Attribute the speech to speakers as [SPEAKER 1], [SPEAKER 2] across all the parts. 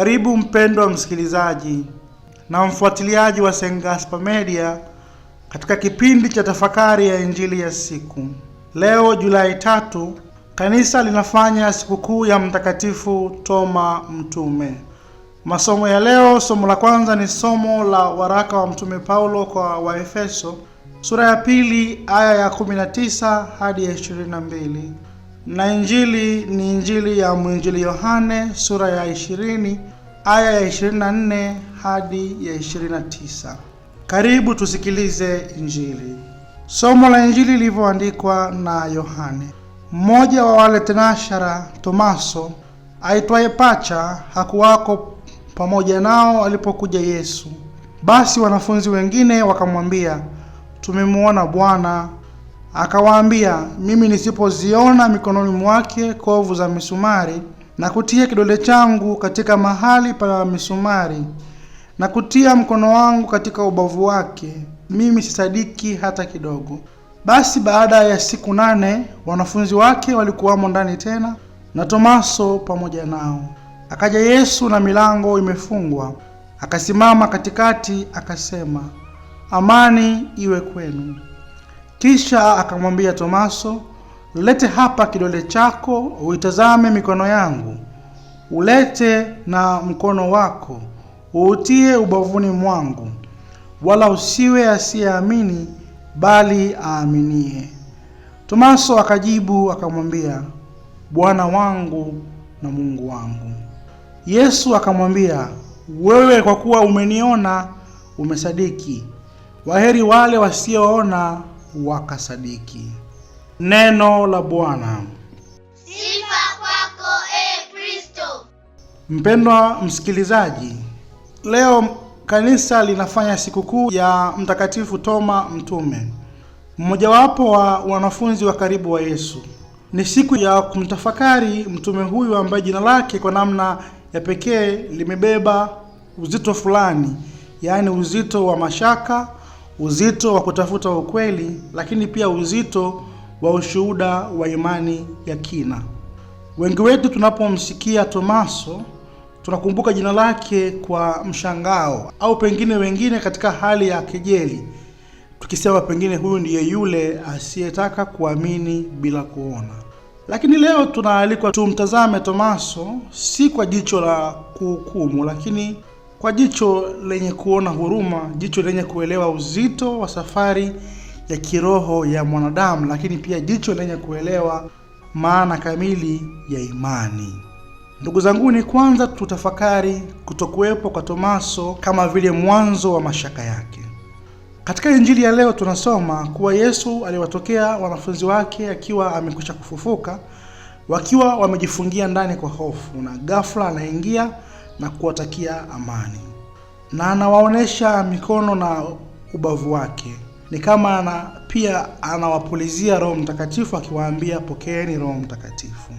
[SPEAKER 1] Karibu mpendwa msikilizaji na mfuatiliaji wa St. Gaspar Media katika kipindi cha tafakari ya injili ya siku. Leo Julai tatu, kanisa linafanya sikukuu ya Mtakatifu Toma Mtume. Masomo ya leo, somo la kwanza ni somo la waraka wa Mtume Paulo kwa Waefeso sura ya pili aya ya 19 hadi ya 22, na injili ni injili ya mwinjili Yohane sura ya ishirini aya ya 24 hadi ya 29. Karibu tusikilize Injili. Somo la Injili lilivyoandikwa na Yohane. Mmoja wa wale tenashara Tomaso aitwaye Pacha hakuwako pamoja nao alipokuja Yesu. Basi wanafunzi wengine wakamwambia, tumemwona Bwana. Akawaambia, mimi nisipoziona mikononi mwake kovu za misumari na kutia kidole changu katika mahali pa misumari na kutia mkono wangu katika ubavu wake, mimi sisadiki hata kidogo. Basi baada ya siku nane wanafunzi wake walikuwamo ndani tena, na Tomaso pamoja nao. Akaja Yesu na milango imefungwa, akasimama katikati, akasema, amani iwe kwenu. Kisha akamwambia Tomaso, Lete hapa kidole chako, uitazame mikono yangu, ulete na mkono wako, uutie ubavuni mwangu, wala usiwe asiyeamini, bali aaminie. Tomaso akajibu akamwambia, Bwana wangu na Mungu wangu. Yesu akamwambia, wewe kwa kuwa umeniona umesadiki. Waheri wale wasioona wakasadiki. Neno la Bwana. Sifa kwako e Kristo.
[SPEAKER 2] Mpendwa msikilizaji, leo kanisa linafanya sikukuu ya Mtakatifu Toma Mtume, mmojawapo wa wanafunzi wa karibu wa Yesu. Ni siku ya kumtafakari mtume huyu ambaye jina lake kwa namna ya pekee limebeba uzito fulani, yaani uzito wa mashaka, uzito wa kutafuta ukweli, lakini pia uzito wa ushuhuda wa imani ya kina. Wengi wetu tunapomsikia Tomaso tunakumbuka jina lake kwa mshangao, au pengine wengine katika hali ya kejeli, tukisema pengine huyu ndiye yule asiyetaka kuamini bila kuona. Lakini leo tunaalikwa tumtazame Tomaso si kwa jicho la kuhukumu, lakini kwa jicho lenye kuona huruma, jicho lenye kuelewa uzito wa safari ya kiroho ya mwanadamu, lakini pia jicho lenye kuelewa maana kamili ya imani. Ndugu zangu, ni kwanza tutafakari kutokuwepo kwa Tomaso kama vile mwanzo wa mashaka yake. Katika Injili ya leo tunasoma kuwa Yesu aliwatokea wanafunzi wake akiwa amekwisha kufufuka, wakiwa wamejifungia ndani kwa hofu, na ghafla anaingia na kuwatakia amani, na anawaonesha mikono na ubavu wake ni kama ana, pia anawapulizia Roho Mtakatifu akiwaambia pokeeni Roho Mtakatifu.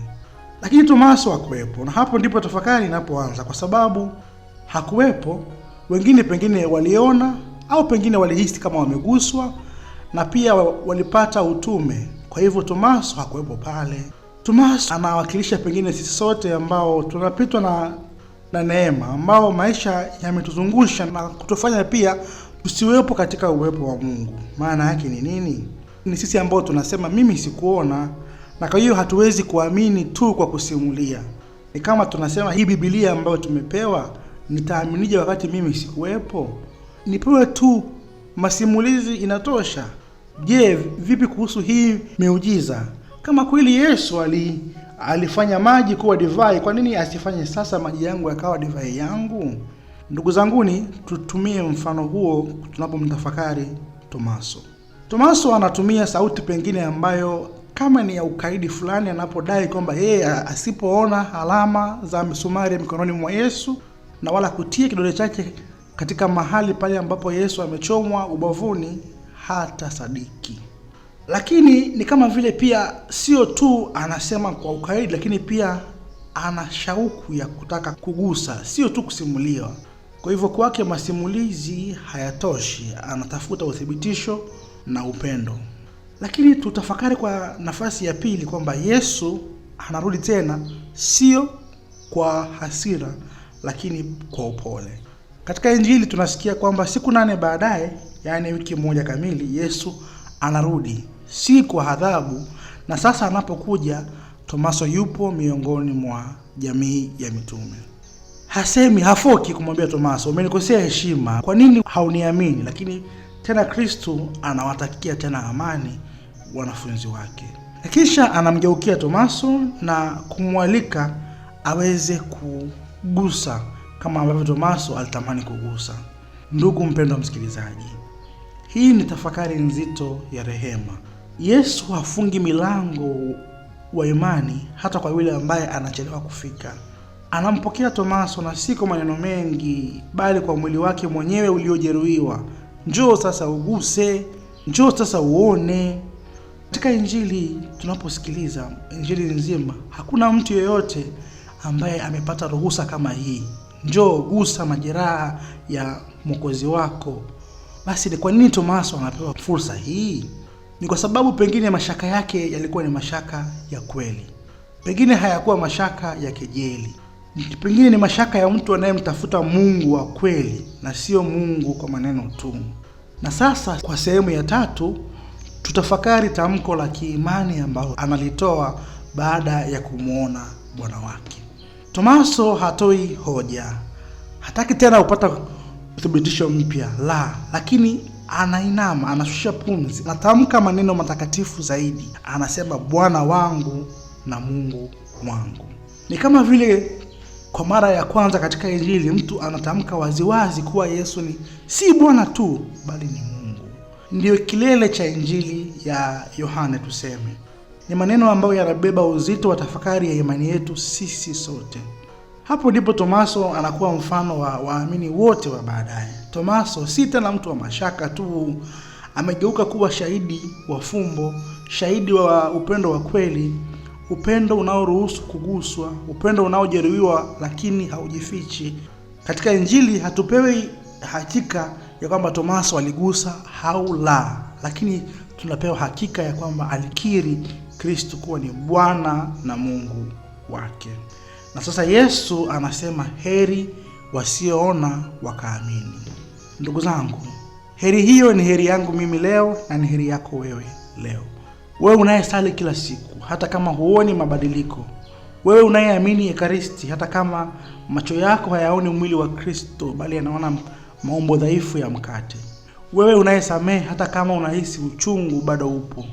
[SPEAKER 2] Lakini Tomaso hakuwepo, na hapo ndipo tafakari inapoanza, kwa sababu hakuwepo. Wengine pengine waliona au pengine walihisi kama wameguswa, na pia walipata utume. Kwa hivyo Tomaso hakuwepo pale. Tomaso anawakilisha pengine sisi sote ambao tunapitwa na na neema ambao maisha yametuzungusha na kutufanya pia tusiwepo katika uwepo wa Mungu. Maana yake ni nini? Ni sisi ambao tunasema mimi sikuona, na kwa hiyo hatuwezi kuamini tu kwa kusimulia. Ni kama tunasema hii Biblia ambayo tumepewa, nitaaminije wakati mimi sikuwepo? Nipewe tu masimulizi inatosha. Je, vipi kuhusu hii miujiza? Kama kweli Yesu ali alifanya maji kuwa divai, kwa nini asifanye sasa maji yangu yakawa divai yangu? Ndugu zanguni, tutumie mfano huo tunapomtafakari Tomaso. Tomaso anatumia sauti pengine ambayo kama ni ya ukaidi fulani, anapodai kwamba yeye asipoona alama za misumari mikononi mwa Yesu na wala kutia kidole chake katika mahali pale ambapo Yesu amechomwa ubavuni hata sadiki. Lakini ni kama vile pia sio tu anasema kwa ukaidi, lakini pia ana shauku ya kutaka kugusa, sio tu kusimuliwa. Kwa hivyo kwake masimulizi hayatoshi, anatafuta uthibitisho na upendo. Lakini tutafakari kwa nafasi ya pili kwamba Yesu anarudi tena, sio kwa hasira, lakini kwa upole. Katika Injili tunasikia kwamba siku nane baadaye, yaani wiki moja kamili, Yesu anarudi si kwa adhabu, na sasa anapokuja Tomaso yupo miongoni mwa jamii ya mitume hasemi, hafoki kumwambia Tomaso, umenikosea heshima, kwa nini hauniamini? Lakini tena Kristu anawatakia tena amani wanafunzi wake, kisha anamgeukia Tomaso na kumwalika aweze kugusa kama ambavyo Tomaso alitamani kugusa. Ndugu mpendwa msikilizaji, hii ni tafakari nzito ya rehema. Yesu hafungi milango wa imani hata kwa yule ambaye anachelewa kufika. Anampokea Tomaso na si kwa maneno mengi, bali kwa mwili wake mwenyewe uliojeruhiwa. Njoo sasa uguse, njoo sasa uone. Katika injili tunaposikiliza injili nzima, hakuna mtu yeyote ambaye amepata ruhusa kama hii, njoo gusa majeraha ya mwokozi wako. Basi ni kwa nini Tomaso anapewa fursa hii? Ni kwa sababu pengine mashaka yake yalikuwa ni mashaka ya kweli, pengine hayakuwa mashaka ya kejeli pengine ni mashaka ya mtu anayemtafuta Mungu wa kweli na sio Mungu kwa maneno tu. Na sasa kwa sehemu ya tatu tutafakari tamko la kiimani ambalo analitoa baada ya kumwona Bwana wake. Tomaso hatoi hoja, hataki tena kupata uthibitisho mpya la, lakini anainama, anashusha pumzi, anatamka maneno matakatifu zaidi, anasema Bwana wangu na Mungu wangu. Ni kama vile kwa mara ya kwanza katika Injili mtu anatamka waziwazi kuwa Yesu ni si Bwana tu bali ni Mungu. Ndiyo kilele cha Injili ya Yohane tuseme. Ni maneno ambayo yanabeba uzito wa tafakari ya imani yetu sisi sote. Hapo ndipo Tomaso anakuwa mfano wa waamini wote wa baadaye. Tomaso si tena mtu wa mashaka tu, amegeuka kuwa shahidi wa fumbo, shahidi wa upendo wa kweli upendo unaoruhusu kuguswa, upendo unaojeruhiwa lakini haujifichi. Katika Injili hatupewi hakika ya kwamba Tomaso aligusa au la, lakini tunapewa hakika ya kwamba alikiri Kristo kuwa ni Bwana na Mungu wake. Na sasa Yesu anasema heri wasioona wakaamini. Ndugu zangu, heri hiyo ni heri yangu mimi leo na ni heri yako wewe leo. Wewe unayesali kila siku hata kama huoni mabadiliko, wewe unayeamini Ekaristi hata kama macho yako hayaoni mwili wa Kristo bali yanaona maumbo dhaifu ya mkate, wewe unayesamehe hata kama unahisi uchungu bado upo,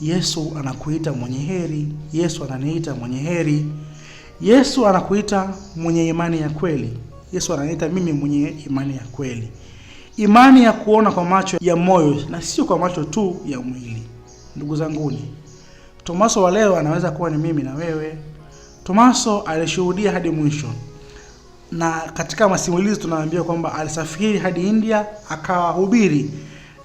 [SPEAKER 2] Yesu anakuita mwenye heri. Yesu ananiita mwenye heri. Yesu anakuita mwenye imani ya kweli. Yesu ananiita mimi mwenye imani ya kweli, imani ya kuona kwa macho ya moyo na sio kwa macho tu ya mwili ndugu zanguni, Tomaso wa leo anaweza kuwa ni mimi na wewe. Tomaso alishuhudia hadi mwisho, na katika masimulizi tunaambiwa kwamba alisafiri hadi India akawahubiri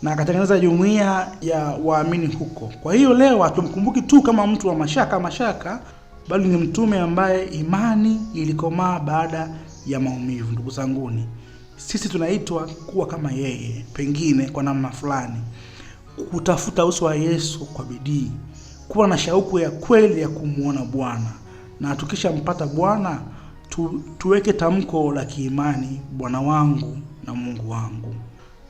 [SPEAKER 2] na akatengeneza jumuiya ya waamini huko. Kwa hiyo leo hatumkumbuki tu kama mtu wa mashaka mashaka, bali ni mtume ambaye imani ilikomaa baada ya maumivu. Ndugu zanguni, sisi tunaitwa kuwa kama yeye, pengine kwa namna fulani kutafuta uso wa Yesu kwa bidii, kuwa na shauku ya kweli ya kumwona Bwana, na tukishampata Bwana tu, tuweke tamko la kiimani, Bwana wangu na Mungu wangu.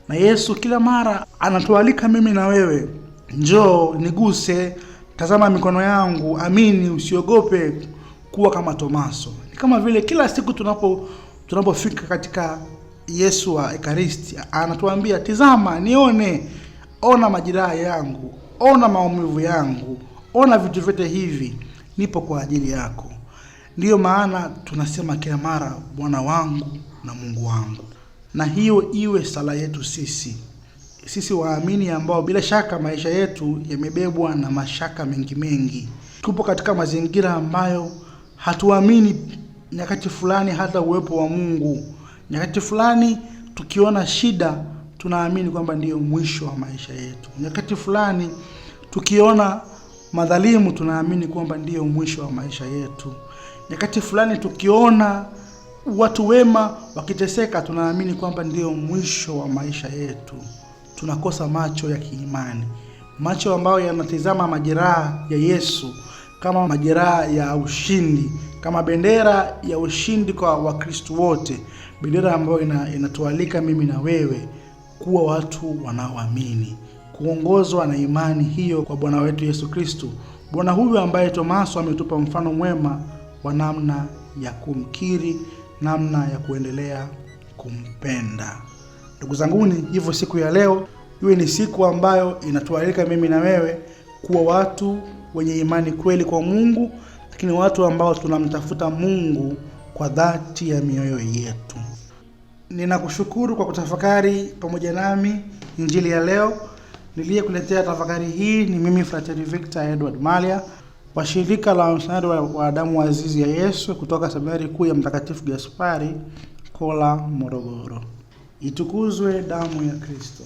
[SPEAKER 2] Na Yesu kila mara anatualika mimi na wewe, njoo niguse, tazama mikono yangu, amini, usiogope kuwa kama Tomaso. Ni kama vile kila siku tunapo tunapofika katika Yesu wa Ekaristi anatuambia tizama, nione ona majeraha yangu, ona maumivu yangu, ona vitu vyote hivi, nipo kwa ajili yako. Ndiyo maana tunasema kila mara Bwana wangu na Mungu wangu, na hiyo iwe sala yetu sisi sisi waamini ambao bila shaka maisha yetu yamebebwa na mashaka mengi mengi. Tupo katika mazingira ambayo hatuamini nyakati fulani hata uwepo wa Mungu, nyakati fulani tukiona shida tunaamini kwamba ndiyo mwisho wa maisha yetu. Nyakati fulani tukiona madhalimu, tunaamini kwamba ndiyo mwisho wa maisha yetu. Nyakati fulani tukiona watu wema wakiteseka, tunaamini kwamba ndiyo mwisho wa maisha yetu. Tunakosa macho ya kiimani, macho ambayo yanatizama majeraha ya Yesu kama majeraha ya ushindi, kama bendera ya ushindi kwa Wakristo wote, bendera ambayo inatualika mimi na wewe kuwa watu wanaoamini, kuongozwa na imani hiyo kwa Bwana wetu Yesu Kristo, Bwana huyu ambaye Tomaso ametupa mfano mwema wa namna ya kumkiri, namna ya kuendelea kumpenda. Ndugu zanguni, hivyo siku ya leo iwe ni siku ambayo inatualika mimi na wewe kuwa watu wenye imani kweli kwa Mungu, lakini watu ambao tunamtafuta Mungu kwa dhati ya mioyo yetu. Ninakushukuru kwa kutafakari pamoja nami injili ya leo. Niliyekuletea tafakari hii ni mimi Frateri Victor Edward malia wa shirika la wamisionari wa damu azizi ya Yesu kutoka seminari kuu ya Mtakatifu Gaspari Kola, Morogoro. Itukuzwe damu ya Kristo!